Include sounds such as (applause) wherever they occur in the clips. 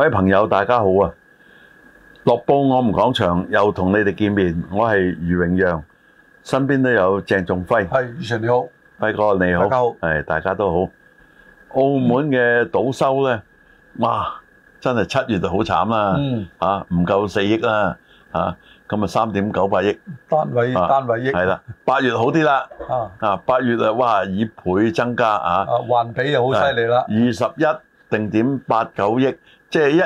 各位朋友，大家好啊！樂報我們講場又同你哋見面，我係余榮讓，身邊都有鄭仲輝。係，馮馴你好，輝哥你好，大家好，係大家都好。澳門嘅賭收咧，哇！真係七月就好慘啦，啊唔夠四億啦，啊咁啊三點九八億，單位單位，億係啦。八月好啲啦，啊啊八月啊哇，以倍增加啊，環比又好犀利啦，二十一定點八九億。即係一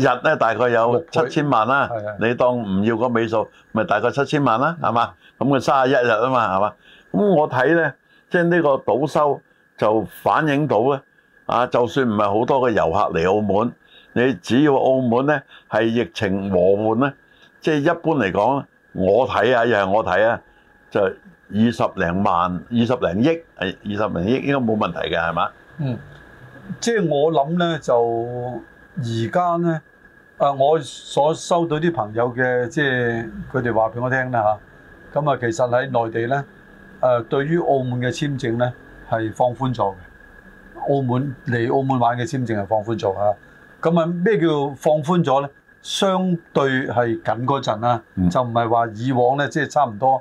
日咧，大概有七千萬啦。倍你當唔要嗰尾數，咪的大概七千萬啦，係嘛？咁佢三十一日啊嘛，係嘛？咁我睇咧，即係呢個賭收就反映到咧，啊，就算唔係好多嘅遊客嚟澳門，你只要澳門咧係疫情和緩咧，嗯、即係一般嚟講，我睇啊，又係我睇啊，就二十零萬、二十零億係二十零億，億應該冇問題嘅，係嘛？嗯，即係我諗咧就。而家咧，誒，我所收到啲朋友嘅，即係佢哋話俾我聽啦嚇。咁啊，其實喺內地咧，誒，對於澳門嘅簽證咧係放寬咗嘅。澳門嚟澳門玩嘅簽證係放寬咗嚇。咁啊，咩叫放寬咗咧？相對係緊嗰陣啊，嗯、就唔係話以往咧，即係差唔多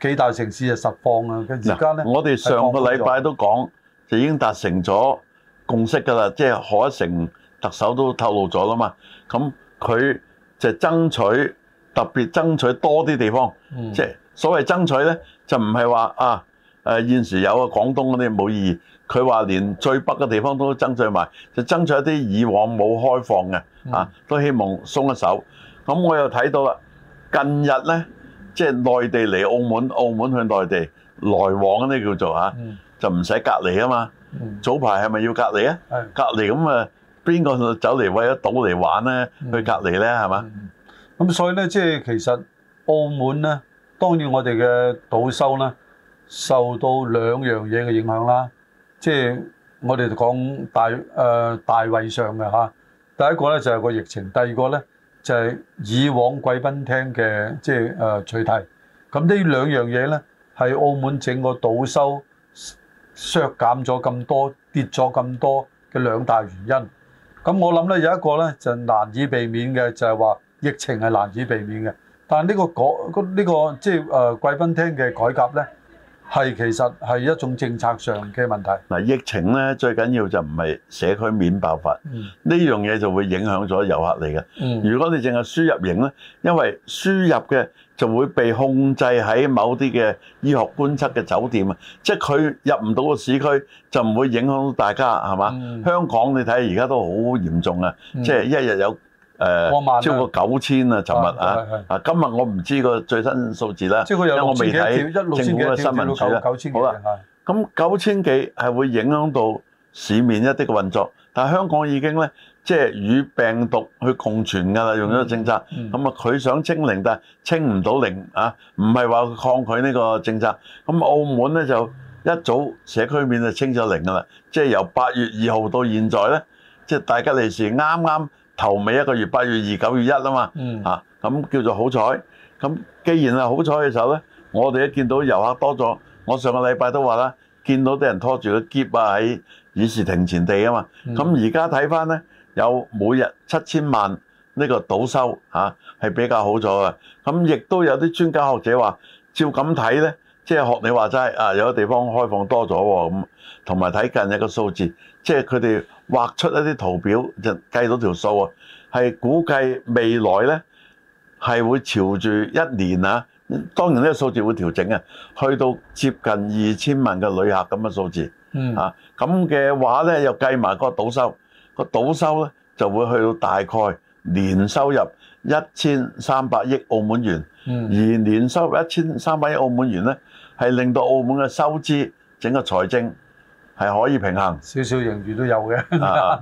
幾大城市就實放啊。而家咧，我哋上個禮拜都講就已經達成咗共識㗎啦，即係可成。特首都透露咗啦嘛，咁佢就爭取特別爭取多啲地方，嗯、即係所謂爭取咧，就唔係話啊誒，現時有個廣東嗰啲冇意義，佢話連最北嘅地方都爭取埋，就是、爭取一啲以往冇開放嘅、嗯、啊，都希望鬆一手。咁我又睇到啦，近日咧即係內地嚟澳門澳門去內地來往嗰啲叫做吓，啊嗯、就唔使隔離啊嘛。早排係咪要隔離啊？隔離咁啊～是不是邊個走嚟為咗賭嚟玩咧？去隔籬咧，係嘛？咁所以咧，即係其實澳門咧，當然我哋嘅賭收咧受到兩樣嘢嘅影響啦。即係我哋就講大誒大衞上嘅嚇，第一個咧就係個疫情，第二個咧就係以往貴賓廳嘅即係誒取締。咁呢兩樣嘢咧，係澳門整個賭收削減咗咁多、跌咗咁多嘅兩大原因。咁我諗咧有一個咧就難以避免嘅，就係話疫情係難以避免嘅。但係呢個改呢個即係誒貴賓廳嘅改革咧，係其實係一種政策上嘅問題。嗱，疫情咧最緊要就唔係社區面爆發，呢樣嘢就會影響咗遊客嚟嘅。嗯，如果你淨係輸入型咧，因為輸入嘅。就會被控制喺某啲嘅醫學觀察嘅酒店啊，即係佢入唔到個市區，就唔會影響到大家，係嘛？香港你睇下而家都好嚴重啊，即係一日有誒超過九千啊，尋日啊，啊今日我唔知個最新數字啦，因為我未睇政府嘅新聞稿啦。好啦，咁九千幾係會影響到市面一啲嘅運作，但係香港已經咧。即係與病毒去共存㗎啦，用咗個政策，咁啊佢想清零但係清唔到零啊，唔係話抗拒呢個政策。咁、嗯、澳門咧就一早社區面就清咗零㗎啦，即係由八月二號到現在咧，即係大吉利是啱啱頭尾一個月，八月二九月一啊嘛，嚇咁叫做好彩。咁、啊啊嗯嗯嗯嗯、既然係好彩嘅時候咧，我哋一見到遊客多咗，我上個禮拜都話啦，見到啲人拖住個篋啊喺議事亭前地啊嘛，咁而家睇翻咧。有每日七千萬呢個賭收嚇係、啊、比較好咗嘅，咁亦都有啲專家學者話，照咁睇呢，即係學你話齋啊，有啲地方開放多咗喎咁，同埋睇近一個數字，即係佢哋畫出一啲圖表就計到條數啊，係估計未來呢係會朝住一年啊，當然呢個數字會調整啊，去到接近二千萬嘅旅客咁嘅數字，嚇咁嘅話呢，又計埋個賭收。個賭收咧就會去到大概年收入一千三百億澳門元，而年收入一千三百億澳門元咧係令到澳門嘅收支整個財政係可以平衡，少少盈餘都有嘅啊！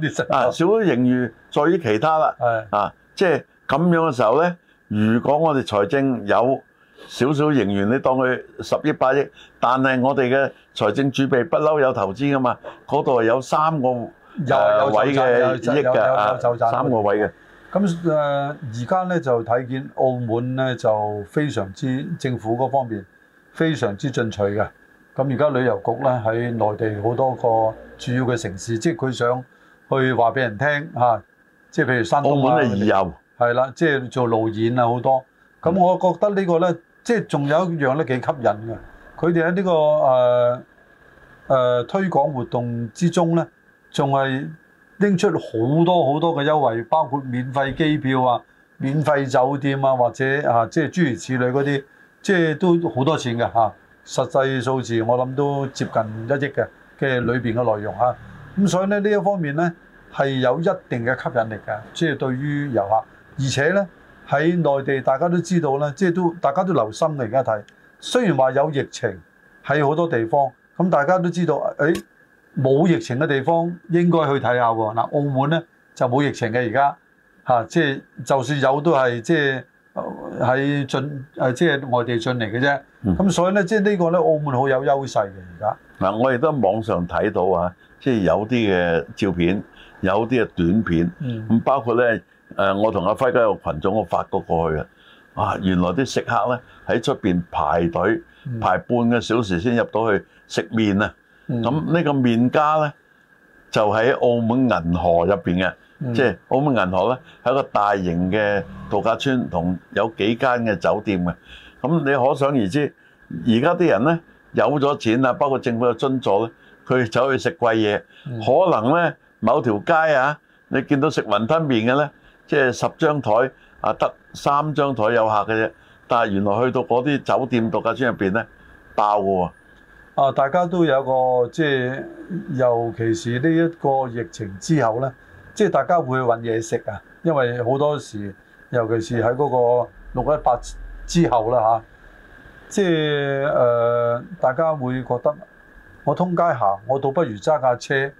少少盈餘在於其他啦，啊，即係咁樣嘅時候咧，如果我哋財政有少少盈餘，你當佢十億八億，但係我哋嘅財政儲備不嬲有投資噶嘛，嗰度係有三個。有有位嘅，有有就站，就站三個位嘅。咁誒而家咧就睇見澳門咧就非常之，政府嗰方面非常之進取嘅。咁而家旅遊局咧喺內地好多個主要嘅城市，即係佢想去話俾人聽嚇、啊，即係譬如山東澳門係遊。係啦、嗯，即係做路演啊，好多。咁我覺得個呢個咧，即係仲有一樣咧幾吸引嘅。佢哋喺呢個誒誒、呃呃、推廣活動之中咧，仲係拎出好多好多嘅優惠，包括免費機票啊、免費酒店啊，或者啊，即係諸如此類嗰啲，即係都好多錢㗎。實際數字我諗都接近一億嘅嘅裏邊嘅內容啊。咁所以咧呢一方面咧係有一定嘅吸引力嘅，即係對於遊客。而且咧喺內地大家都知道咧，即係都大家都留心你而家睇。雖然話有疫情喺好多地方，咁大家都知道誒。哎冇疫情嘅地方應該去睇下喎。嗱，澳門咧就冇疫情嘅而家，嚇，即係就算有都係即係喺進誒即係外地進嚟嘅啫。咁、嗯、所以咧，即係呢個咧澳門好有優勢嘅而家。嗱、嗯，我亦都網上睇到啊，即、就、係、是、有啲嘅照片，有啲嘅短片，咁、嗯、包括咧誒，我同阿輝都有個群組，我發覺過去啊。哇，原來啲食客咧喺出邊排隊排半個小時先入到去食麵啊！嗯嗯咁呢、嗯、個麵家咧就喺、是、澳門銀河入邊嘅，嗯、即係澳門銀河咧係一個大型嘅度假村同有幾間嘅酒店嘅。咁、嗯嗯、你可想而知，而家啲人咧有咗錢啦，包括政府嘅津助咧，佢走去食貴嘢，嗯、可能咧某條街啊，你見到食雲吞麵嘅咧，即係十張台啊得三張台有客嘅啫，但係原來去到嗰啲酒店度假村入邊咧爆喎。啊！大家都有個即係，尤其是呢一個疫情之後咧，即係大家會去揾嘢食啊，因為好多時，尤其是喺嗰個六一八之後啦吓，即係誒大家會覺得我通街行，我倒不如揸架車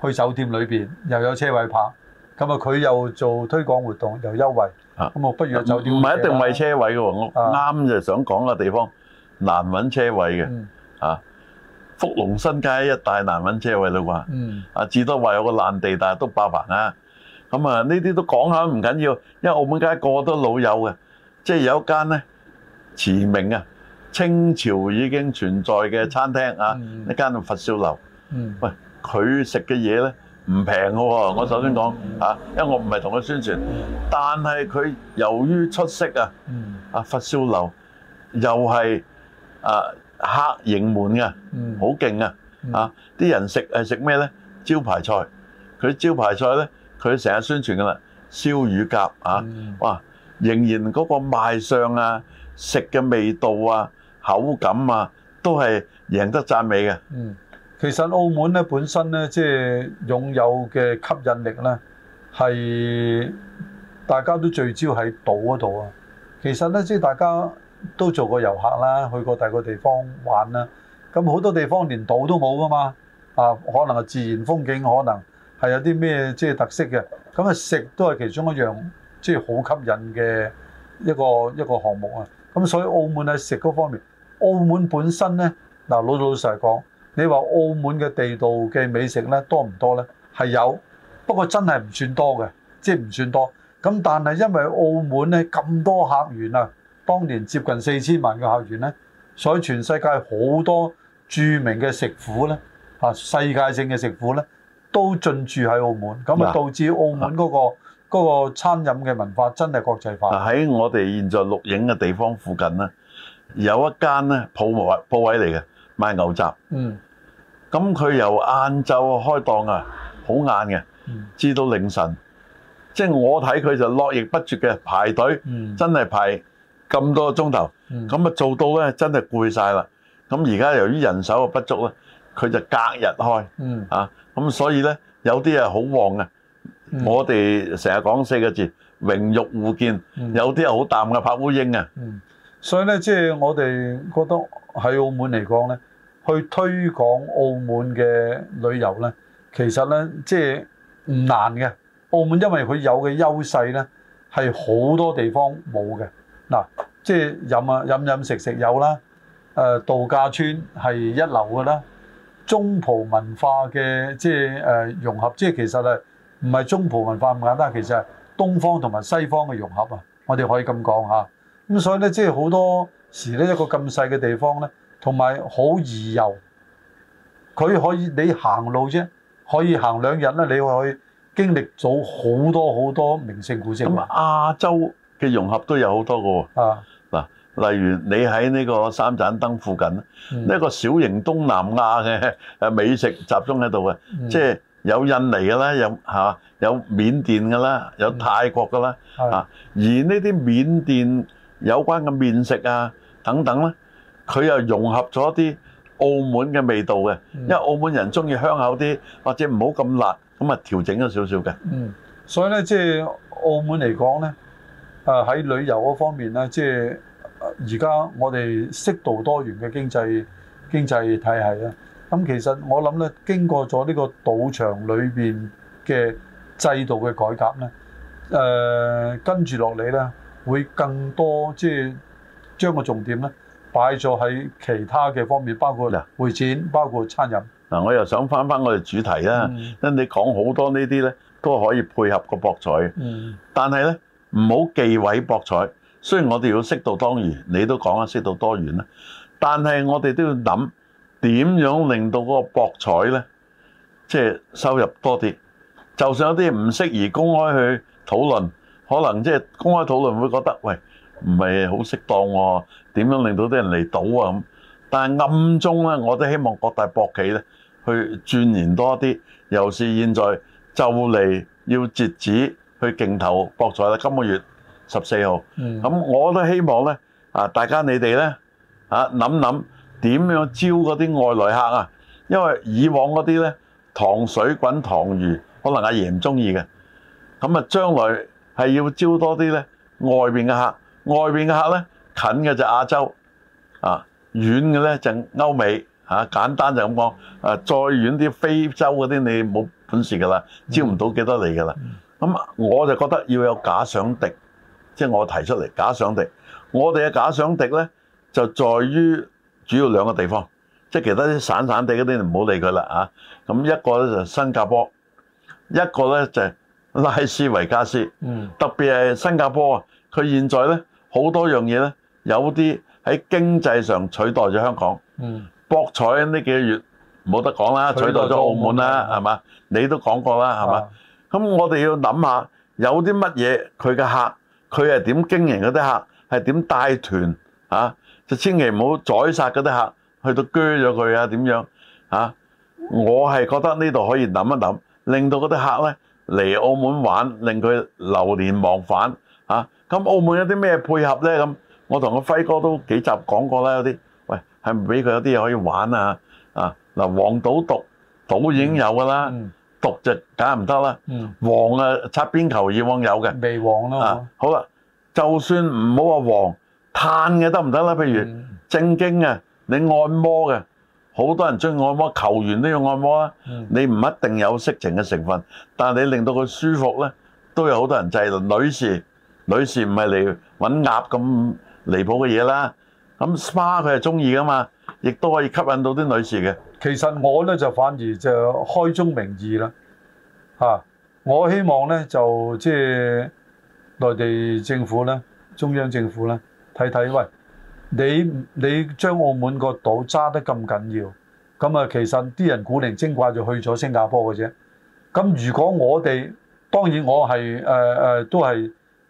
去酒店裏邊又有車位泊。咁啊佢又做推廣活動又優惠，咁、啊、我不如酒店、啊。唔係一定係車位嘅喎，吧啊、我啱就想講個地方難揾車位嘅吓。嗯啊福隆新街一大難揾車位啦啩，啊至多話有個爛地，但係都爆棚啊！咁啊，呢啲都講下唔緊要，因為澳門街個個都老友嘅，即係有一間咧，馳名啊，清朝已經存在嘅餐廳啊，一間叫佛笑樓。喂，佢食嘅嘢咧唔平嘅喎，我首先講嚇，因為我唔係同佢宣傳，但係佢由於出色啊，啊佛笑樓又係啊。客盈滿嘅，好勁、嗯嗯、啊！啊，啲人食係食咩呢？招牌菜，佢招牌菜呢，佢成日宣傳噶啦，燒乳鴿啊，嗯、哇！仍然嗰個賣相啊，食嘅味道啊，口感啊，都係贏得讚美嘅。嗯，其實澳門呢，本身呢，即係擁有嘅吸引力呢，係大家都聚焦喺島嗰度啊。其實呢，即係大家。都做過遊客啦，去過第個地方玩啦。咁好多地方連島都冇噶嘛，啊，可能係自然風景，可能係有啲咩即係特色嘅。咁啊，食都係其中一樣即係好吸引嘅一個一個項目啊。咁所以澳門喺食嗰方面，澳門本身呢，嗱老老實講，你話澳門嘅地道嘅美食呢多唔多呢？係有，不過真係唔算多嘅，即係唔算多。咁但係因為澳門呢咁多客源啊。當年接近四千萬嘅客源呢，所以全世界好多著名嘅食府呢，嚇世界性嘅食府呢，都進駐喺澳門，咁啊導致澳門嗰個嗰個餐飲嘅文化真係國際化。喺我哋現在錄影嘅地方附近呢，有一間呢鋪位鋪位嚟嘅賣牛雜。嗯，咁佢由晏晝開檔啊，好晏嘅，至到凌晨，即係我睇佢就絡繹不絕嘅排隊，嗯、真係排。咁多個鐘頭，咁啊做到咧真係攰晒啦。咁而家由於人手嘅不足咧，佢就隔日開、嗯、啊。咁所以咧有啲係好旺嘅，嗯、我哋成日講四個字榮辱互見。有啲係好淡嘅拍烏蠅啊。所以咧即係我哋覺得喺澳門嚟講咧，去推廣澳門嘅旅遊咧，其實咧即係唔難嘅。澳門因為佢有嘅優勢咧係好多地方冇嘅。嗱、啊，即係飲啊飲飲食食有啦，誒度假村係一流嘅啦，中葡文化嘅即係誒、呃、融合，即係其實係唔係中葡文化咁簡單，其實係東方同埋西方嘅融合啊，我哋可以咁講下。咁所以咧，即係好多時咧一個咁細嘅地方咧，同埋好易遊，佢可以你行路啫，可以行兩日咧，你可以經歷咗好多好多名勝古跡。咁亞洲嘅融合都有好多個啊！嗱，例如你喺呢個三盞燈附近，呢個小型東南亞嘅誒美食集中喺度嘅，即係有印尼嘅啦，有嚇，有緬甸嘅啦，有泰國嘅啦嚇。而呢啲緬甸有關嘅麵食啊等等咧，佢又融合咗一啲澳門嘅味道嘅，因為澳門人中意香口啲，或者唔好咁辣，咁啊調整咗少少嘅。嗯，所以咧即係澳門嚟講咧。啊！喺旅遊嗰方面咧，即係而家我哋適度多元嘅經濟經濟體系啦。咁其實我諗咧，經過咗呢個賭場裏邊嘅制度嘅改革咧，誒跟住落嚟咧，會更多即係將個重點咧擺咗喺其他嘅方面，包括會展，啊、包括餐飲。嗱、啊，我又想翻翻我哋主題啦，嗯、因你講好多呢啲咧，都可以配合個博彩。嗯，但係咧。唔好忌諱博彩，雖然我哋要適度多元，你都講得適度多元啦。但係我哋都要諗點樣令到個博彩咧，即係收入多啲。就算有啲唔適宜公開去討論，可能即係公開討論會覺得喂唔係好適當喎、啊。點樣令到啲人嚟賭啊咁？但係暗中呢，我都希望各大博企咧去鑽研多啲。尤其是現在就嚟要截止。去競投博彩啦！今個月十四號，咁、嗯、我都希望呢啊大家你哋呢，嚇諗諗點樣招嗰啲外來客啊？因為以往嗰啲呢，糖水滾糖魚，可能阿爺唔中意嘅。咁啊，將來係要招多啲呢外邊嘅客，外邊嘅客呢，近嘅就亞洲啊，遠嘅呢就歐美嚇、啊。簡單就咁講，啊再遠啲非洲嗰啲你冇本事噶啦，招唔到幾多嚟噶啦。嗯咁我就覺得要有假想敵，即係我提出嚟假想敵。我哋嘅假想敵呢，就在於主要兩個地方，即係其他啲散散地嗰啲就唔好理佢啦啊。咁一個呢，就新加坡，一個呢，就拉斯維加斯。嗯、特別係新加坡啊，佢現在呢，好多樣嘢呢，有啲喺經濟上取代咗香港。嗯、博彩呢幾個月冇得講啦，取代咗澳門啦，係嘛、嗯？你都講過啦，係嘛？嗯咁我哋要諗下，有啲乜嘢佢嘅客，佢係點經營嗰啲客，係點帶團啊？就千祈唔好宰殺嗰啲客，去到鋸咗佢啊？點樣啊？我係覺得呢度可以諗一諗，令到嗰啲客咧嚟澳門玩，令佢流連忘返啊！咁澳門有啲咩配合咧？咁我同阿輝哥都幾集講過啦，有啲喂係唔俾佢有啲嘢可以玩啊？啊嗱，黃賭毒島已經有㗎啦。嗯嗯。毒就梗係唔得啦。嗯、黃啊，擦邊球以往有嘅。未黃啦、啊。好啦，就算唔好話黃，炭嘅得唔得咧？譬如、嗯、正經啊，你按摩嘅，好多人中意按摩，球員都要按摩啊。嗯、你唔一定有色情嘅成分，但係你令到佢舒服咧，都有好多人制。就是、女士，女士唔係嚟揾鴨咁離譜嘅嘢啦。咁 SPA 佢係中意噶嘛，亦都可以吸引到啲女士嘅。其實我咧就反而就開宗明義啦，嚇、啊！我希望咧就即係內地政府咧、中央政府咧睇睇，喂，你你將澳門個賭揸得咁緊要，咁啊其實啲人古靈精怪就去咗新加坡嘅啫。咁如果我哋當然我係誒誒都係。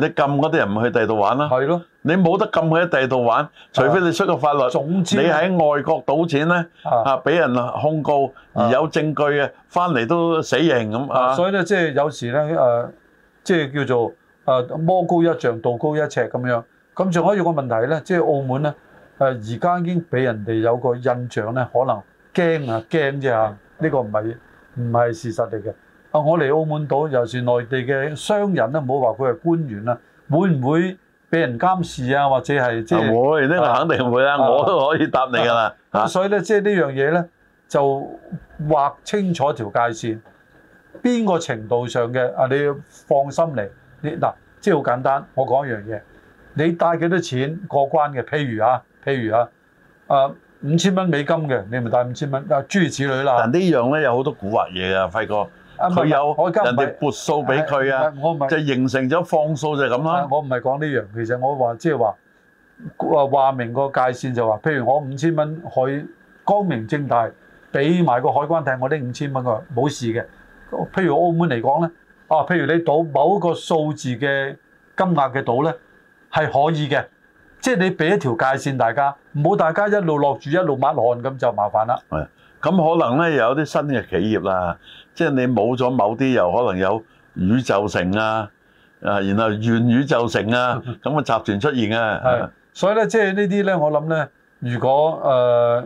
你禁嗰啲人唔去第二度玩啦、啊，係咯的。你冇得禁去喺第二度玩，除非你出咗法律。啊、總之，你喺外國賭錢咧，嚇俾、啊、人控告而有證據嘅，翻嚟都死刑咁啊，啊。所以咧，即係有時咧，誒、啊，即、就、係、是、叫做誒魔高一丈，道高一尺咁樣。咁仲有一個問題咧，即、就、係、是、澳門咧，誒而家已經俾人哋有個印象咧，可能驚啊驚啫嚇。呢的個唔係唔係事實嚟嘅。啊！我嚟澳門到，尤其是內地嘅商人咧，唔好話佢係官員啦，會唔會俾人監視啊？或者係即係唔會？呢個肯定唔會啦，啊、我都可以答你噶啦。啊啊、所以咧，即係呢樣嘢咧，就劃、是、清楚條界線，邊個程度上嘅啊，你要放心嚟。你嗱、啊，即係好簡單，我講一樣嘢，你帶幾多錢過關嘅？譬如，如啊，譬如啊，誒五千蚊美金嘅，你咪帶五千蚊、啊。啊，諸如此類啦。但呢樣咧有好多蠱惑嘢啊，輝、啊、哥。佢有人哋撥數俾佢啊，我就形成咗放數就咁啦。我唔係講呢樣，其實我話即係話話話明個界線就話、是，譬如我五千蚊可以光明正大俾埋個海關睇，我拎五千蚊佢話冇事嘅。譬如澳門嚟講咧，啊，譬如你賭某一個數字嘅金額嘅賭咧係可以嘅，即係你俾一條界線，大家唔好大家一路落住一路抹汗咁就麻煩啦。誒、嗯，咁可能咧有啲新嘅企業啦。即係你冇咗某啲，又可能有宇宙城啊，啊，然後元宇宙城啊，咁啊 (laughs) 集團出現啊。係，所以咧，即係呢啲咧，我諗咧，如果誒、呃、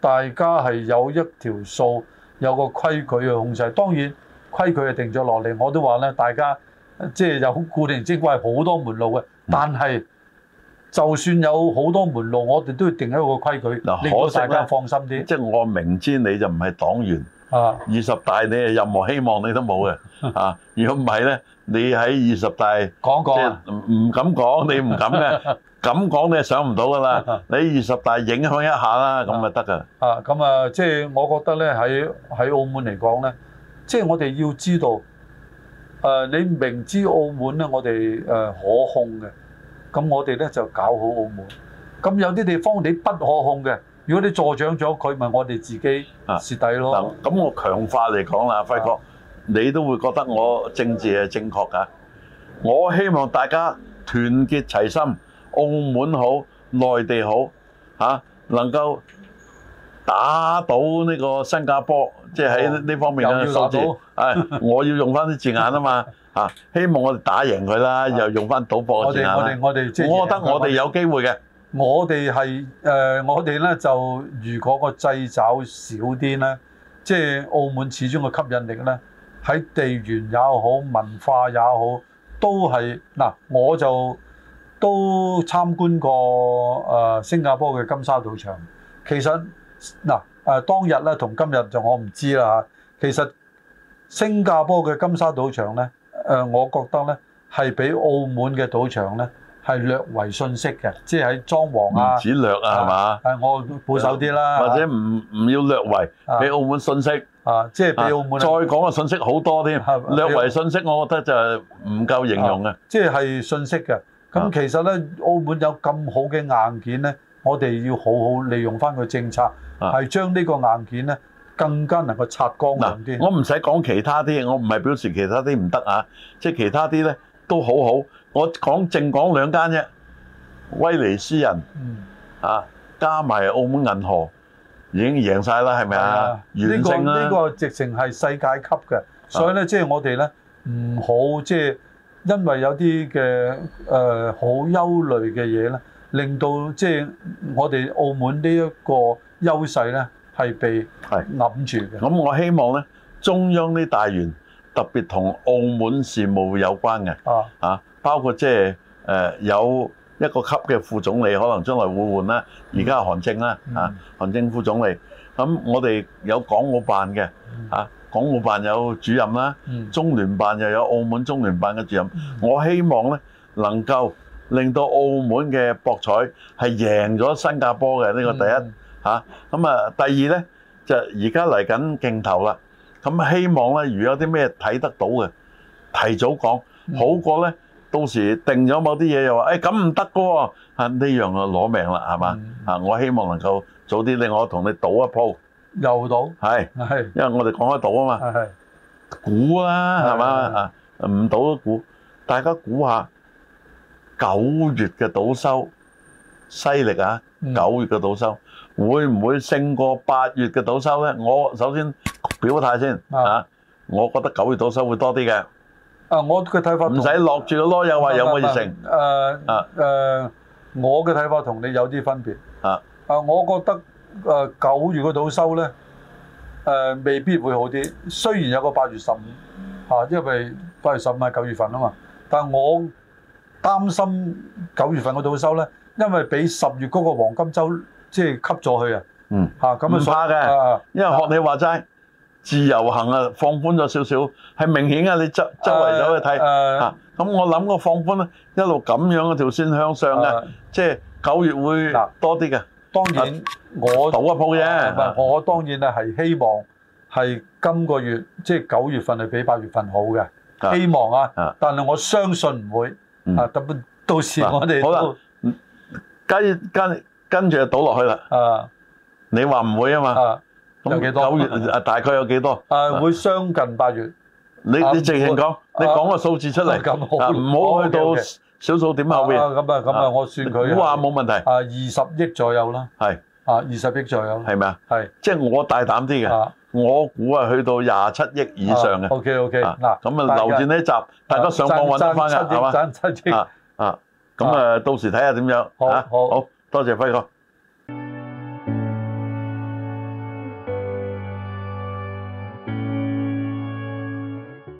大家係有一條數，有個規矩去控制，當然規矩係定咗落嚟。我都話咧，大家即係有固定之故係好多門路嘅，嗯、但係就算有好多門路，我哋都要定一個規矩，可令到大家放心啲。即係我明知你就唔係黨員。啊！二十大你係任何希望你都冇嘅，啊！如果唔係咧，你喺二十大講講，即係唔敢講，你唔敢嘅，敢講你係想唔到噶啦。你二十大影響一下啦，咁咪得噶。啊，咁啊，即係我覺得咧，喺喺澳門嚟講咧，即係我哋要知道，誒，你明知澳門咧，我哋誒可控嘅，咁我哋咧就搞好澳門。咁有啲地方你不可控嘅。如果你助長咗佢，咪、就是、我哋自己蝕底咯。咁、啊、我強化嚟講啦，輝哥，你都會覺得我政治係正確㗎。我希望大家團結齊心，澳門好，內地好，嚇、啊、能夠打倒呢個新加坡，啊、即係喺呢方面嘅數字。我要打、 (laughs) 哎、我要用翻啲字眼嘛啊嘛嚇！希望我哋打贏佢啦，又用翻賭博嘅字眼。啊、我哋我哋我哋，我覺得我哋有機會嘅。我哋係誒，我哋咧就如果個掣爪少啲咧，即係澳門始終個吸引力咧，喺地緣也好，文化也好，都係嗱、呃，我就都參觀過誒、呃、新加坡嘅金沙賭場。其實嗱誒、呃，當日咧同今日就我唔知啦嚇。其實新加坡嘅金沙賭場咧，誒、呃，我覺得咧係比澳門嘅賭場咧。係略為信息嘅，即係喺裝潢啊，唔止略啊，係嘛吧？誒，我保守啲啦，或者唔唔要略為俾、啊、澳門信息啊，即係俾澳門。再講嘅信息好多添，啊、略為信息，我覺得就係唔夠形容嘅。即係、啊就是、信息嘅，咁其實咧，澳門有咁好嘅硬件咧，我哋要好好利用翻個政策，係將呢個硬件咧更加能夠擦光亮啲。我唔使講其他啲，我唔係表示其他啲唔得啊，即、啊、係其他啲咧都好好，我講正講兩間啫，威尼斯人啊，嗯、加埋澳門銀河已經贏晒啦，係咪啊？呢、這個呢、這個直情係世界級嘅，啊、所以咧，即、就、係、是、我哋咧唔好即係、就是、因為有啲嘅誒好憂慮嘅嘢咧，令到即係、就是、我哋澳門呢一個優勢咧係被揞住嘅。咁、啊、我希望咧中央呢大員特別同澳門事務有關嘅啊。包括即係誒有一個級嘅副總理，可能將來會換啦。而家係韓正啦，啊，韓正副總理。咁我哋有港澳辦嘅，啊，港澳辦有主任啦，中聯辦又有澳門中聯辦嘅主任。我希望咧能夠令到澳門嘅博彩係贏咗新加坡嘅呢個第一嚇。咁啊，第二咧就而家嚟緊競投啦。咁希望咧，如果有啲咩睇得到嘅，提早講好過咧。到時定咗某啲嘢又話，誒咁唔得嘅喎，啊呢樣就攞命啦，係嘛？啊，我希望能夠早啲令我同你賭一鋪，又賭，係係，因為我哋講緊賭啊嘛，係係，估啊，係嘛？啊唔賭都估，大家估下九月嘅賭收犀利啊！九月嘅賭收會唔會勝過八月嘅賭收咧？我首先表個態先，啊，我覺得九月賭收會多啲嘅。啊！我嘅睇法唔使落住咯，又話有冇完成？誒誒，我嘅睇法同你有啲分別。啊啊，我覺得誒九月嘅賭收咧，誒未必會好啲。雖然有個八月十五嚇，因為八月十五係九月份啊嘛，但係我擔心九月份嘅賭收咧，因為畀十月嗰個黃金周即係吸咗去啊。嗯嚇，咁啊，怕嘅，因為學你話齋。自由行啊，放寬咗少少，係明顯啊！你周周圍走去睇嚇，咁我諗個放寬咧，一路咁樣嘅條線向上啊，即係九月會多啲嘅。當然我賭一鋪嘢，我當然啊係希望係今個月即係九月份係比八月份好嘅，希望啊，但係我相信唔會啊。到時我哋好啦，跟跟跟住就倒落去啦。你話唔會啊嘛？有幾多？九月啊，大概有幾多？啊，會相近八月。你你靜靜講，你講個數字出嚟，唔好去到小數點後邊。咁啊咁啊，我算佢。估話冇問題。啊，二十億左右啦。係。啊，二十億左右。係咪啊？係。即係我大膽啲嘅，我估啊去到廿七億以上嘅。O K O K 嗱，咁啊留住呢集，大家上網揾得翻㗎係嘛？啊咁啊到時睇下點樣。好，好多謝輝哥。